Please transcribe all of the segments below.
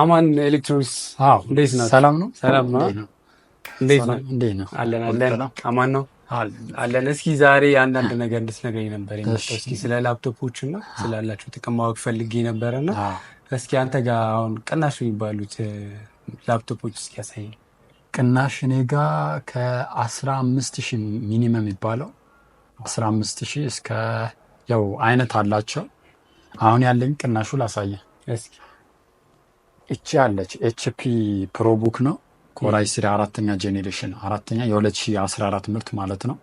አማን ኤሌክትሮኒክስ እንዴት ነው? ሰላም ነው። ሰላም ነው። እንዴት ነው? እንዴት ነው? አለን አለን። አማን ነው አለን። እስኪ ዛሬ አንዳንድ ነገር እንድትነግረኝ ነበር የመጣው። እስኪ ስለ ላፕቶፖች እና ስላላቸው ጥቅም ማወቅ ፈልጌ ነበረና እስኪ አንተ ጋር አሁን ቅናሽ የሚባሉት ላፕቶፖች እስኪ ያሳይ። ቅናሽ እኔ ጋ ከአስራ አምስት ሺህ ሚኒመም የሚባለው አስራ አምስት ሺህ እስከ ያው አይነት አላቸው። አሁን ያለኝ ቅናሹ ላሳየ እስኪ እቺ አለች ኤችፒ ፕሮቡክ ነው ኮራይ ስሪ አራተኛ ጄኔሬሽን አራተኛ የ2014 ምርት ማለት ነው።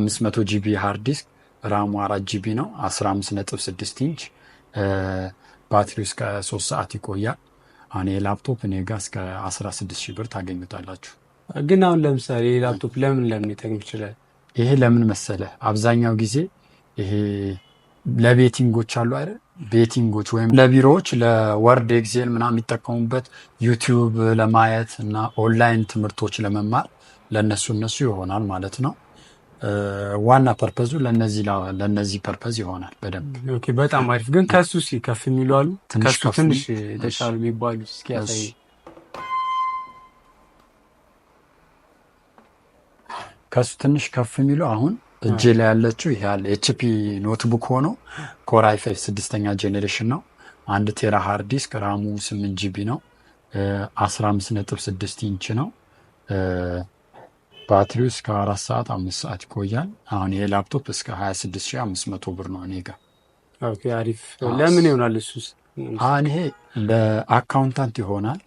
500 ጂቢ ሃርድ ዲስክ ራሙ አራት ጂቢ ነው። 15.6 ኢንች ባትሪው እስከ ሶስት ሰዓት ይቆያል። አኔ ላፕቶፕ እኔ ጋ እስከ 16 ሺህ ብር ታገኙታላችሁ። ግን አሁን ለምሳሌ ይሄ ላፕቶፕ ለምን ለምን ይጠቅም ይችላል? ይሄ ለምን መሰለ አብዛኛው ጊዜ ይሄ ለቤቲንጎች አሉ አይደል? ቤቲንጎች ወይም ለቢሮዎች ለወርድ ኤግዜል ምና የሚጠቀሙበት ዩቲዩብ ለማየት እና ኦንላይን ትምህርቶች ለመማር ለነሱ እነሱ ይሆናል ማለት ነው። ዋና ፐርፐዙ ለነዚህ ፐርፐዝ ይሆናል። በደንብ በጣም አሪፍ ግን ከሱ ሲ ከፍ የሚሉ አሉ ትንሽ የተሻሉ የሚባሉ እስኪ ያሳይ ከሱ ትንሽ ከፍ የሚሉ አሁን እጅ ላይ ያለችው ይሄ አለ ኤችፒ ኖትቡክ ሆኖ ኮር አይ ፋይቭ ስድስተኛ ጄኔሬሽን ነው። አንድ ቴራ ሃርድ ዲስክ ራሙ ስምንት ጂቢ ነው። አስራ አምስት ነጥብ ስድስት ኢንች ነው። ባትሪው እስከ አራት ሰዓት አምስት ሰዓት ይቆያል። አሁን ይሄ ላፕቶፕ እስከ ሀያ ስድስት ሺህ አምስት መቶ ብር ነው እኔ ጋር። አሪፍ ለምን ይሆናል እሱስ? አሁን ይሄ ለአካውንታንት ይሆናል።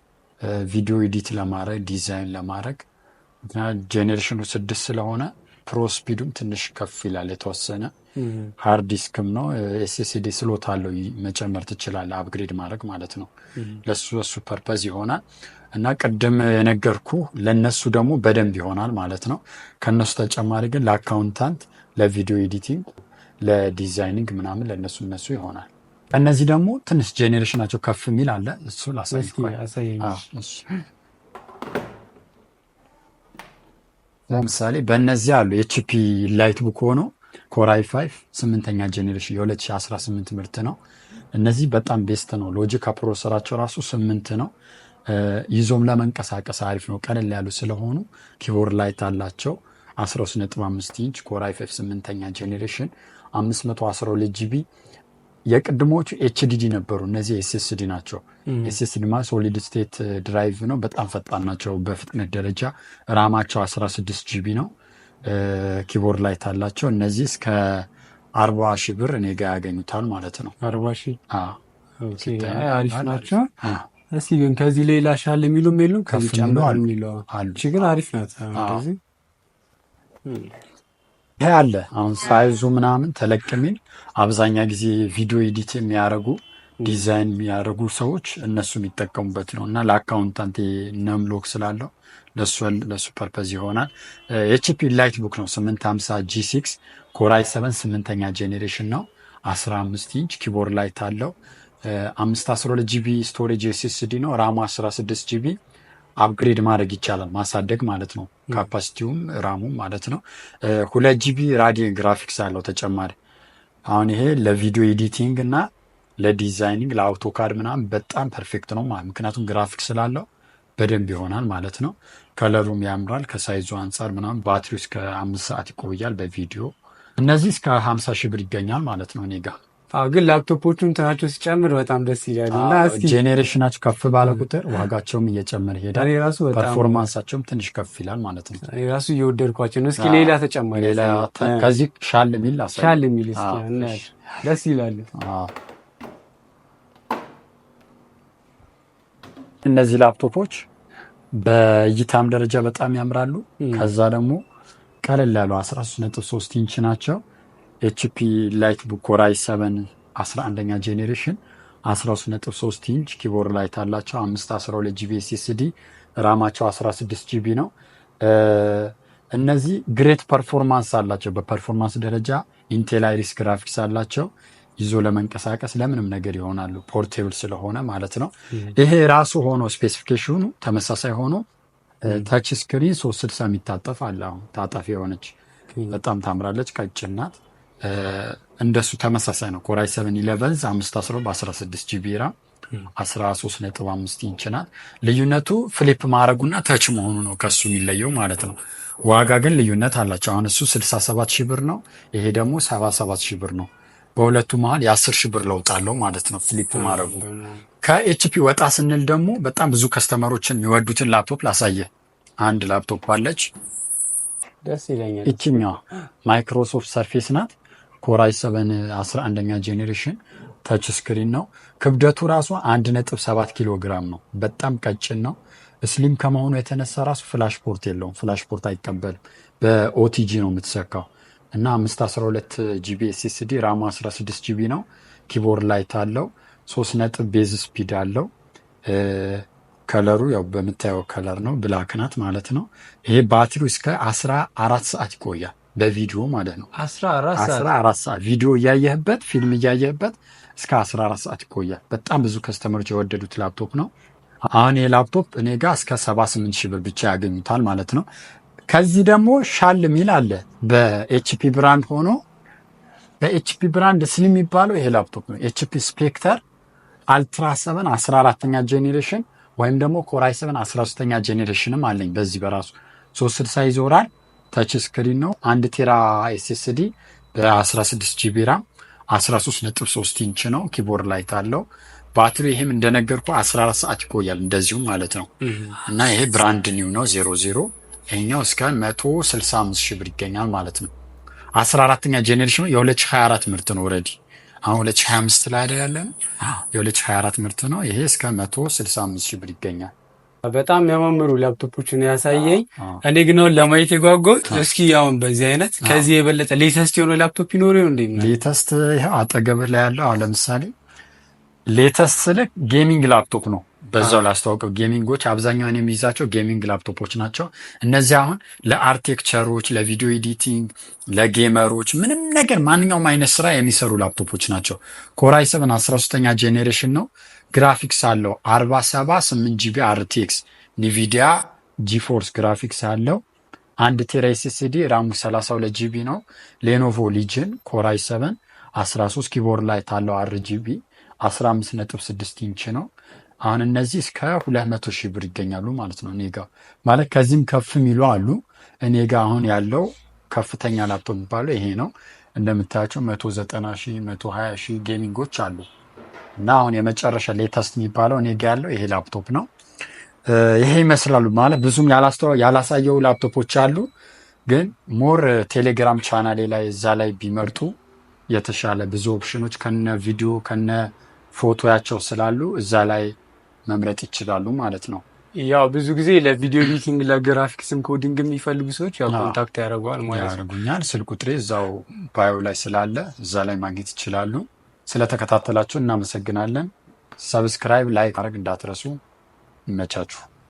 ቪዲዮ ኤዲት ለማድረግ ዲዛይን ለማድረግ ምክንያቱም ጄኔሬሽኑ ስድስት ስለሆነ ፕሮስፒዱም ትንሽ ከፍ ይላል የተወሰነ። ሃርድ ዲስክም ነው ኤስኤስዲ ስሎት አለው መጨመር ትችላለ አፕግሬድ ማድረግ ማለት ነው። ለሱ እሱ ፐርፐዝ ይሆናል እና ቅድም የነገርኩ ለነሱ ደግሞ በደንብ ይሆናል ማለት ነው። ከነሱ ተጨማሪ ግን ለአካውንታንት፣ ለቪዲዮ ኤዲቲንግ፣ ለዲዛይኒንግ ምናምን ለነሱ እነሱ ይሆናል። እነዚህ ደግሞ ትንሽ ጄኔሬሽናቸው ከፍ የሚል አለ እሱ ላሳይ ለምሳሌ በእነዚህ አሉ የቺፒ ላይት ቡክ ሆኖ ኮራይ ፋይፍ ስምንተኛ ጄኔሬሽን የ2018 ምርት ነው። እነዚህ በጣም ቤስት ነው። ሎጂካ ፕሮሰራቸው ራሱ ስምንት ነው። ይዞም ለመንቀሳቀስ አሪፍ ነው። ቀለል ያሉ ስለሆኑ ኪቦርድ ላይት አላቸው 13.5 ኢንች ኮራይ ፋይፍ ስምንተኛ ጄኔሬሽን 512 ጂቢ የቅድሞቹ ኤችዲዲ ነበሩ። እነዚህ ኤስስዲ ናቸው። ኤስስዲ ማ ሶሊድ ስቴት ድራይቭ ነው። በጣም ፈጣን ናቸው በፍጥነት ደረጃ። ራማቸው 16 ጂቢ ነው። ኪቦርድ ላይት አላቸው። እነዚህ እስከ አርባ ሺህ ብር እኔ ጋ ያገኙታል ማለት ነው። አርባ አሪፍ ናቸው። ግን ከዚህ ሌላ ሻል የሚሉም የሉም። ከዚህ ጨምሮ አሉ። ግን አሪፍ ናት። ይሄ አለ አሁን ሳይዙ ምናምን ተለቅ አብዛኛ ጊዜ ቪዲዮ ኤዲት የሚያደርጉ ዲዛይን የሚያደርጉ ሰዎች እነሱ የሚጠቀሙበት ነው እና ለአካውንታንት ነምሎክ ስላለው ለሱ ፐርፐዝ ይሆናል። የቺፒ ላይት ቡክ ነው 850 ጂ 6 ኮራይ 7 ስምንተኛ ጄኔሬሽን ነው። 15 ኢንች ኪቦርድ ላይት አለው። 512 ጂቢ ስቶሬጅ ኤስኤስዲ ነው። ራሙ 16 ጂቢ አፕግሬድ ማድረግ ይቻላል ማሳደግ ማለት ነው። ካፓሲቲውም ራሙም ማለት ነው። ሁለት ጂቢ ራዲ ግራፊክስ አለው ተጨማሪ። አሁን ይሄ ለቪዲዮ ኤዲቲንግ እና ለዲዛይኒንግ ለአውቶካድ ምናምን በጣም ፐርፌክት ነው። ምክንያቱም ግራፊክስ ስላለው በደንብ ይሆናል ማለት ነው። ከለሩም ያምራል ከሳይዙ አንጻር ምናምን። ባትሪው እስከ አምስት ሰዓት ይቆያል በቪዲዮ እነዚህ እስከ ሀምሳ ሺህ ብር ይገኛል ማለት ነው እኔ ግን ላፕቶፖቹ እንትናቸው ሲጨምር በጣም ደስ ይላል እና ጄኔሬሽናቸው ከፍ ባለ ቁጥር ዋጋቸውም እየጨመረ ይሄዳል። ፐርፎርማንሳቸውም ትንሽ ከፍ ይላል ማለት ነው። ራሱ እየወደድኳቸው ነው። እስኪ ሌላ ተጨማሪ ከዚህ ሻል የሚል ሻል የሚል ደስ ይላል። እነዚህ ላፕቶፖች በእይታም ደረጃ በጣም ያምራሉ። ከዛ ደግሞ ቀለል ያሉ 13 ነጥብ 3 ኢንች ናቸው። ኤችፒ ላይት ቡክ ራይ 11ኛ ጄኔሬሽን 13.3 ኢንች ኪቦርድ ላይት አላቸው። 512 ጂቢ ኤስኤስዲ ራማቸው 16 ጂቢ ነው። እነዚህ ግሬት ፐርፎርማንስ አላቸው። በፐርፎርማንስ ደረጃ ኢንቴል አይሪስ ግራፊክስ አላቸው። ይዞ ለመንቀሳቀስ ለምንም ነገር ይሆናሉ። ፖርቴብል ስለሆነ ማለት ነው። ይሄ ራሱ ሆኖ ስፔሲፊኬሽኑ ተመሳሳይ ሆኖ ታች ስክሪን 360 የሚታጠፍ አለ። አሁን ታጣፊ የሆነች በጣም ታምራለች። ቀጭን ናት። እንደሱ ተመሳሳይ ነው። ኮራይ ሰን ኢለቨንዝ አምስት አስሮ በ16 ጂቢ ራም ነጥብ አምስት ኢንች ናት። ልዩነቱ ፍሊፕ ማድረጉና ተች መሆኑ ነው ከሱ የሚለየው ማለት ነው። ዋጋ ግን ልዩነት አላቸው። አሁን እሱ 67 ሺ ብር ነው፣ ይሄ ደግሞ 77 ሺ ብር ነው። በሁለቱ መሀል የአስር ሺ ብር ለውጣለው አለው ማለት ነው ፍሊፕ ማድረጉ። ከኤችፒ ወጣ ስንል ደግሞ በጣም ብዙ ከስተመሮችን የሚወዱትን ላፕቶፕ ላሳየ። አንድ ላፕቶፕ አለች፣ ደስ ይለኛል። ይችኛዋ ማይክሮሶፍት ሰርፌስ ናት ኮራጅ ሰበን 11ኛ ጄኔሬሽን ተች ስክሪን ነው። ክብደቱ ራሱ 1.7 ኪሎ ግራም ነው። በጣም ቀጭን ነው። ስሊም ከመሆኑ የተነሳ ራሱ ፍላሽ ፖርት የለውም። ፍላሽ ፖርት አይቀበልም። በኦቲጂ ነው የምትሰካው እና 512 ጂቢ ኤስኤስዲ ራሙ 16 ጂቢ ነው። ኪቦርድ ላይት አለው። ሶስት ነጥብ ቤዝ ስፒድ አለው። ከለሩ ያው በምታየው ከለር ነው። ብላክ ናት ማለት ነው። ይሄ ባትሪው እስከ 14 ሰዓት ይቆያል። በቪዲዮ ማለት ነው። አስራ አራት ሰዓት ቪዲዮ እያየህበት ፊልም እያየህበት እስከ አስራ አራት ሰዓት ይቆያል። በጣም ብዙ ከስተመሮች የወደዱት ላፕቶፕ ነው። አሁን ላፕቶፕ እኔ ጋር እስከ ሰባ ስምንት ሺህ ብር ብቻ ያገኙታል ማለት ነው። ከዚህ ደግሞ ሻል ሚል አለ በኤችፒ ብራንድ ሆኖ በኤችፒ ብራንድ ስል የሚባለው ይሄ ላፕቶፕ ነው። ኤችፒ ስፔክተር አልትራ ሰቨን 14ተኛ ጄኔሬሽን ወይም ደግሞ ኮራይ ሰቨን 13ተኛ ጄኔሬሽንም አለኝ። በዚህ በራሱ ሶስት ስልሳ ይዞራል ታች ስክሪን ነው። አንድ ቴራ ኤስኤስዲ በ16 ጂቢ ራም 13.3 ኢንች ነው። ኪቦርድ ላይት አለው። ባትሪ ይህም እንደነገርኩ 14 ሰዓት ይቆያል። እንደዚሁም ማለት ነው እና ይሄ ብራንድ ኒው ነው 00 ዜሮ ይሄኛው እስከ 165 ሺህ ብር ይገኛል ማለት ነው። 14ኛ ጄኔሬሽን የ2024 ምርት ነው። ኦልሬዲ አሁን 2025 ላይ አይደለም፣ የ2024 ምርት ነው። ይሄ እስከ 165 ሺህ ብር ይገኛል። በጣም ያማምሩ ላፕቶፖችን ያሳየኝ። እኔ ግን አሁን ለማየት የጓጓሁት እስኪ አሁን በዚህ አይነት ከዚህ የበለጠ ሌተስት የሆነ ላፕቶፕ ይኖር ይሆን? እንደ ሌተስት ይኸው አጠገብ ላይ ያለው አሁን ለምሳሌ ሌተስት ስልክ ጌሚንግ ላፕቶፕ ነው። በዛው ላስተዋውቀው፣ ጌሚንጎች አብዛኛውን የሚይዛቸው ጌሚንግ ላፕቶፖች ናቸው። እነዚህ አሁን ለአርቴክቸሮች፣ ለቪዲዮ ኤዲቲንግ፣ ለጌመሮች ምንም ነገር ማንኛውም አይነት ስራ የሚሰሩ ላፕቶፖች ናቸው። ኮራይ ሰብን አስራ ሶስተኛ ጄኔሬሽን ነው ግራፊክስ አለው 47 8 ጂቢ አርቲክስ ኒቪዲያ ጂፎርስ ግራፊክስ አለው። አንድ ቴራ ኤስኤስዲ ራሙ 32 ጂቢ ነው። ሌኖቮ ሊጅን ኮራይ 7 13 ኪቦርድ ላይ ታለው አር 15.6 ኢንች ነው። አሁን እነዚህ እስከ 200 ሺህ ብር ይገኛሉ ማለት ነው። እኔ ጋ ማለት ከዚህም ከፍ የሚሉ አሉ። እኔ ጋ አሁን ያለው ከፍተኛ ላፕቶፕ የሚባለው ይሄ ነው። እንደምታያቸው 190 ሺህ 120 ሺህ ጌሚንጎች አሉ። እና አሁን የመጨረሻ ሌተስት የሚባለው እኔ ጋ ያለው ይሄ ላፕቶፕ ነው። ይሄ ይመስላሉ ማለት ብዙም ያላሳየው ላፕቶፖች አሉ፣ ግን ሞር ቴሌግራም ቻናሌ ላይ እዛ ላይ ቢመርጡ የተሻለ ብዙ ኦፕሽኖች ከነ ቪዲዮ ከነ ፎቶያቸው ስላሉ እዛ ላይ መምረጥ ይችላሉ ማለት ነው። ያው ብዙ ጊዜ ለቪዲዮ ኤዲቲንግ ለግራፊክስም ኮዲንግ የሚፈልጉ ሰዎች ያው ኮንታክት ያደርጓል ማለት ያደርጉኛል። ስልክ ቁጥሬ እዛው ባዮ ላይ ስላለ እዛ ላይ ማግኘት ይችላሉ። ስለተከታተላችሁ እናመሰግናለን። ሰብስክራይብ፣ ላይክ ማድረግ እንዳትረሱ። ይመቻችሁ።